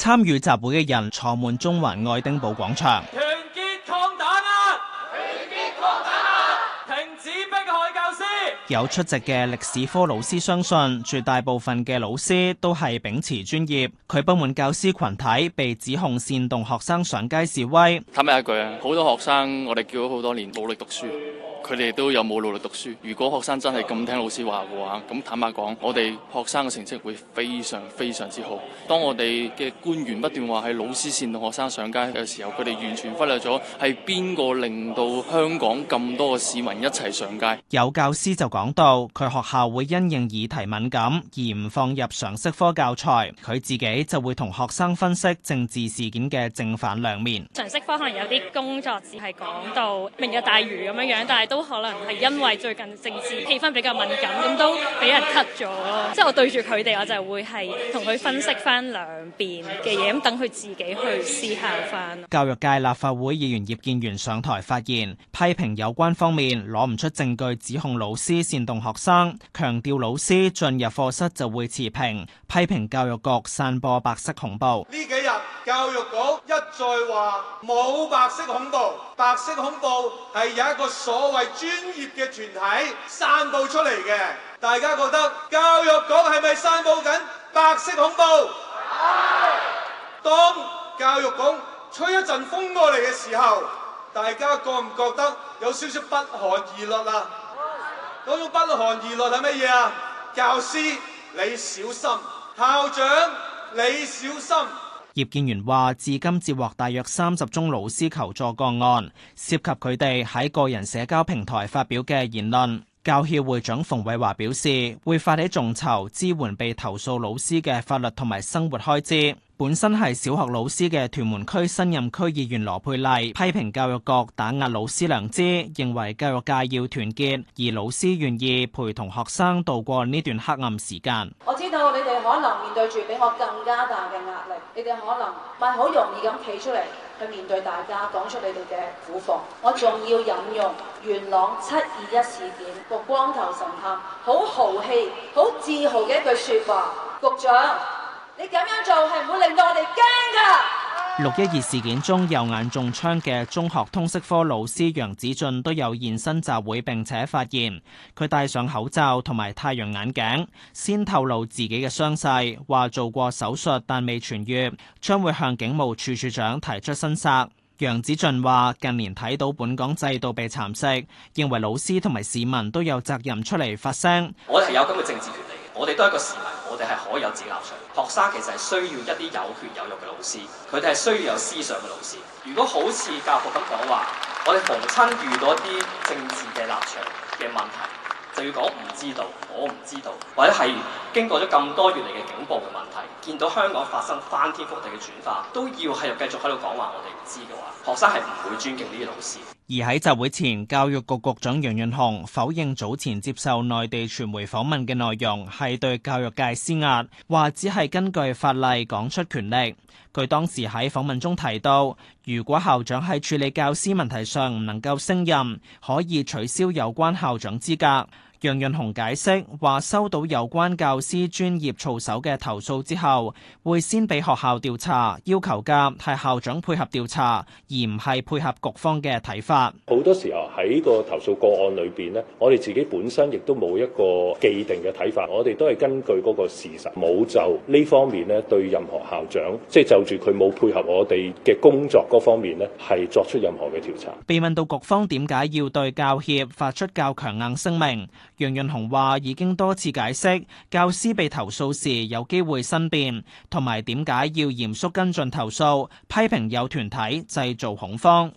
參與集會嘅人坐滿中環愛丁堡廣場。團結抗打壓啊！團結抗打壓，停止迫害教師。有出席嘅歷史科老師相信，絕大部分嘅老師都係秉持專業。佢不滿教師群體被指控煽動學生上街示威。坦白一句啊，好多學生我哋叫咗好多年，努力讀書。佢哋都有冇努力讀書，如果學生真係咁聽老師話嘅話，咁坦白講，我哋學生嘅成績會非常非常之好。當我哋嘅官員不斷話係老師煽動學生上街嘅時候，佢哋完全忽略咗係邊個令到香港咁多嘅市民一齊上街。有教師就講到，佢學校會因應議題敏感而唔放入常識科教材，佢自己就會同學生分析政治事件嘅正反兩面。常識科可能有啲工作只係講到明日大嶼咁樣樣。但係都可能係因為最近政治氣氛比較敏感，咁都俾人 cut 咗。即係我對住佢哋，我就會係同佢分析翻兩邊嘅嘢，咁等佢自己去思考翻。教育界立法會議員葉建源上台發言，批評有關方面攞唔出證據指控老師煽動學生，強調老師進入課室就會持平，批評教育局散播白色恐怖。呢幾日。教育局一再話冇白色恐怖，白色恐怖係有一個所謂專業嘅團體散佈出嚟嘅，大家覺得教育局係咪散佈緊白色恐怖？係是。當教育局吹一陣風過嚟嘅時候，大家覺唔覺得有少少不寒而栗啊？嗰種不寒而慄係乜嘢啊？教師你小心，校長你小心。葉建源話，至今接獲大約三十宗老師求助個案，涉及佢哋喺個人社交平台發表嘅言論。教協會長馮偉華表示，會發起眾籌支援被投訴老師嘅法律同埋生活開支。本身係小學老師嘅屯門區新任區議員羅佩麗批評教育局打壓老師良知，認為教育界要團結，而老師願意陪同學生度過呢段黑暗時間。我知道你哋可能面對住比我更加大嘅壓力，你哋可能唔係好容易咁企出嚟。去面對大家講出你哋嘅苦況，我仲要引用元朗七二一事件個光頭神探好豪氣、好自豪嘅一句説話：「局長，你咁樣做係唔會令到我哋驚㗎。」六一二事件中右眼中槍嘅中學通識科老師楊子俊都有現身集會，並且發言。佢戴上口罩同埋太陽眼鏡，先透露自己嘅傷勢，話做過手術但未痊癒，將會向警務處處長提出申索。楊子俊話：近年睇到本港制度被蠶食，認為老師同埋市民都有責任出嚟發聲。我哋有咁嘅政治權利，我哋都係一個市民。我哋係可以有自己立場，學生其實係需要一啲有血有肉嘅老師，佢哋係需要有思想嘅老師。如果好似教育局咁講話，我哋逢親遇到一啲政治嘅立場嘅問題，就要講唔知道，我唔知道，或者係經過咗咁多月嚟嘅警暴嘅問題，見到香港發生翻天覆地嘅轉化，都要係繼續喺度講話我哋唔知嘅話，學生係唔會尊敬呢啲老師。而喺集會前，教育局局長楊潤雄否認早前接受內地傳媒訪問嘅內容係對教育界施壓，話只係根據法例講出權力。佢當時喺訪問中提到，如果校長喺處理教師問題上唔能夠勝任，可以取消有關校長資格。楊潤雄解釋話：收到有關教師專業操守嘅投訴之後，會先俾學校調查，要求嘅係校長配合調查，而唔係配合局方嘅睇法。好多時候喺個投訴個案裏邊呢，我哋自己本身亦都冇一個既定嘅睇法，我哋都係根據嗰個事實，冇就呢方面呢，對任何校長，即係就住佢冇配合我哋嘅工作嗰方面呢，係作出任何嘅調查。被問到局方點解要對教協發出較強硬聲明？楊潤雄話：已經多次解釋，教師被投訴時有機會申辯，同埋點解要嚴肅跟進投訴，批評有團體製造恐慌。